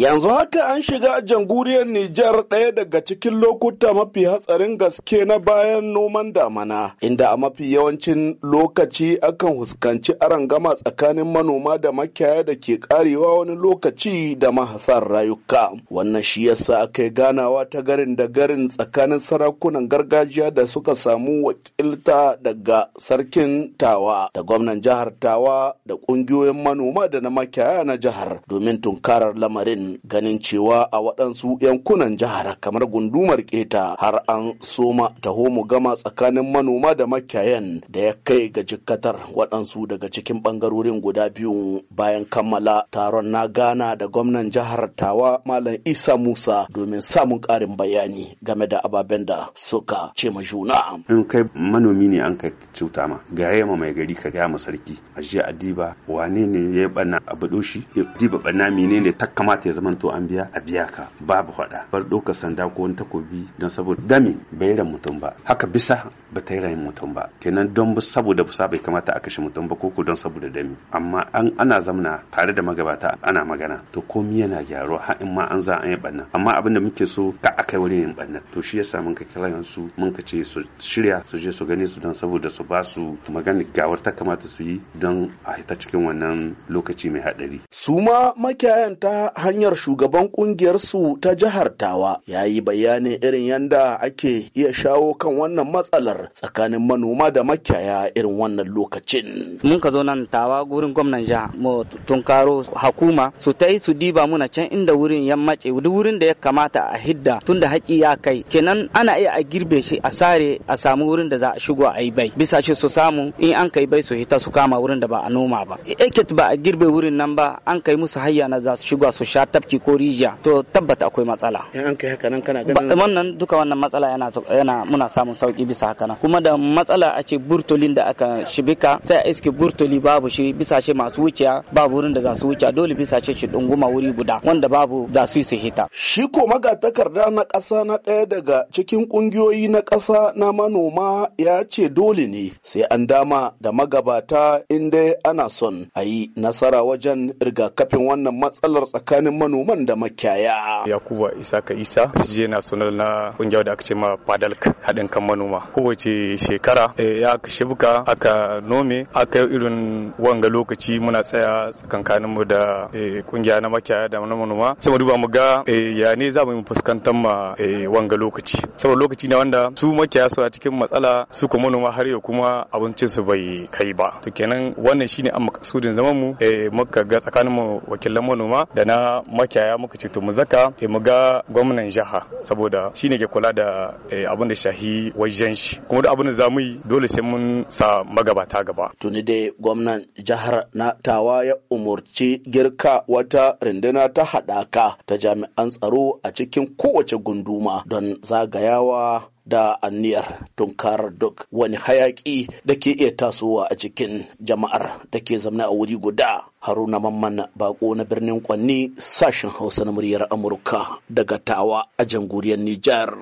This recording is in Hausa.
Yanzu haka an shiga janguriyar Nijar ɗaya daga cikin lokuta mafi hatsarin gaske na bayan noman damana, inda a mafi yawancin lokaci akan huskanci gama tsakanin manoma da makiyaya da ke karewa wani lokaci da mahasar rayuka. Wannan shi yasa aka yi ganawa ta garin da garin tsakanin sarakunan gargajiya da suka samu wakilta daga sarkin Tawa da gwamnan jihar Tawa da ƙungiyoyin manoma da na makiyaya na jihar domin tunkarar lamarin. ganin cewa a waɗansu yankunan jihar kamar gundumar keta har an soma taho mu gama tsakanin manoma da makiyayan da ya kai ga jikkatar waɗansu daga cikin ɓangarorin guda biyu bayan kammala taron na gana da gwamnan jihar tawa malam isa musa domin samun ƙarin bayani game da ababen da suka ce ma juna in kai manomi ne an kai cuta ma ga yamma mai gari ka gaya ma sarki a jiya adiba wane ne ya bana abu doshi diba bana ne ta kamata zaman to an biya a biya ka babu faɗa bar ɗaukar sanda ko wani takobi don saboda gami bai ran mutum ba haka bisa ba ta yi rayin mutum ba kenan don saboda busa bai kamata a kashe mutum ba koko don saboda dami amma an ana zamna tare da magabata ana magana to komi yana gyaruwa har in ma an za an yi banna amma abin da muke so ka akai wurin yin banna to shi yasa mun ka kira yansu mun ka ce su shirya su je su gane su don saboda su ba su magana gawar ta kamata su yi don a hita cikin wannan lokaci mai haɗari su ma makiyayan ta hanya hanyar shugaban kungiyar ta jihar Tawa ya yi bayanin irin yanda ake iya shawo kan wannan matsalar tsakanin manoma da makiyaya irin wannan lokacin. Mun ka zo nan Tawa gurin gwamnan jiha mu tunkaro hakuma su ta yi su diba muna can inda wurin ya mace duk wurin da ya kamata a hidda tunda haƙi ya kai kenan ana iya a girbe shi a sare a samu wurin da za a shigo a yi bai bisa shi su samu in an kai bai su hita su kama wurin da ba a noma ba. Eket ba a girbe wurin nan ba an kai musu hayya na za su shigo su sha tafki ko rijiya to tabbata akwai matsala in an kai haka nan kana ganin wannan duka wannan matsala yana yana muna samun sauki bisa haka nan kuma da matsala a ce burtolin da aka shibika sai a iske burtoli babu shi bisa ce masu wuciya babu wurin da za su wuce dole bisa ce shi dunguma wuri guda wanda babu za su yi su hita shi ko magatakarda na kasa na daya daga cikin ƙungiyoyi na kasa na manoma ya ce dole ne sai an dama da magabata inda ana son a yi nasara wajen rigakafin wannan matsalar tsakanin manoman da makiyaya. Yakuba Isaka Isa je national na kungiyar da aka ce ma Padalk haɗin kan manoma. Kowace shekara eh, ya shibka aka nome aka yi irin wanga lokaci muna tsaya tsakankanin mu da kungiya eh, na makiyaya da na manoma. Sai mu duba mu ga eh, ya ne za mu yi fuskantar ma wanga lokaci. Saboda lokaci ne wanda su makiyaya suna cikin matsala su kuma manoma har yau kuma abincin su bai kai ba. To kenan wannan shine an makasudin zaman mu muka ga tsakanin mu wakilan manoma da na makiyaya muka ce to mu zaka eh, mu ga gwamnan jiha saboda shi ne ke kula da eh, abin da shahi wajen shi kuma duk abin da za mu yi dole sai mun sa magabata gaba. Tuni dai gwamnan jihar na tawa ya umurci girka wata rindina ta haɗaka ta jami'an tsaro a cikin kowace gunduma don zagayawa da anniyar tunkarar duk wani hayaƙi da ke iya tasowa a cikin jama'ar da ke zamana a wuri guda haruna mamman bako na birnin kwanni sashen hausa na muryar amurka daga tawa a jamhuriyar nijar